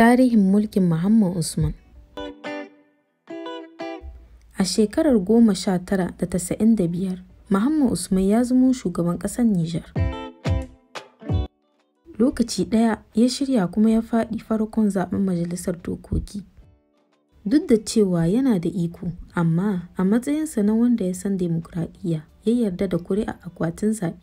Tarihin mulkin Muhammad Usman A shekarar goma sha tara da tasa'in da biyar, Muhammad Usman ya zama shugaban ƙasar Nijar. Lokaci ɗaya ya shirya kuma ya faɗi farkon zaɓen majalisar dokoki. Duk da cewa yana da iko, amma a matsayinsa na wanda ya san demokuraɗiyya ya yarda da kuri'a akwatin zaɓe.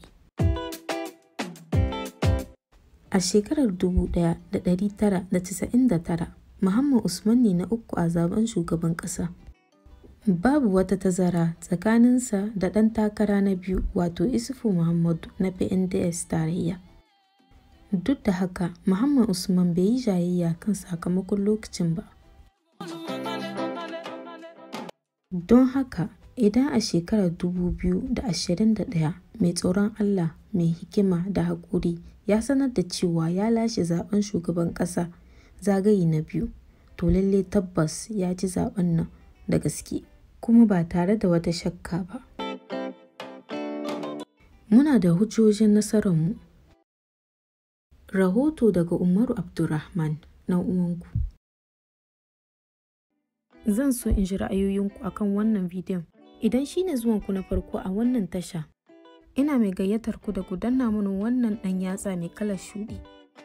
A shekarar 1999, Muhammad Usman ne na uku a zaben shugaban ƙasa. Babu wata tazara tsakaninsa da ɗan takara na biyu wato Isufu Muhammadu na PNDS tarayya. Duk da haka, Muhammad Usman bai yi jayayya kan sakamakon lokacin ba. Don haka, Idan a shekarar 2021, mai tsoron Allah, mai hikima da haƙuri ya sanar da cewa ya lashe zaɓen shugaban ƙasa zagaye na biyu, to lalle tabbas ya ji zaɓen nan da gaske, kuma ba tare da wata shakka ba. Muna da hujjojin nasararmu. Rahoto daga Umaru Abdulrahman na uwanku. Zan so in ji ra'ayoyinku akan wannan bidiyon. Idan shi ne ku na farko a wannan tasha, ina mai gayyatar ku da gudanna danna mini wannan ɗan yatsa mai kalar shuɗi,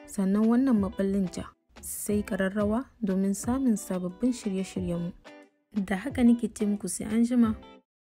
sannan wannan maɓallin ja, sai ƙararrawa domin samun sababbin shirye-shiryenmu. Da haka nake ce muku sai an jima.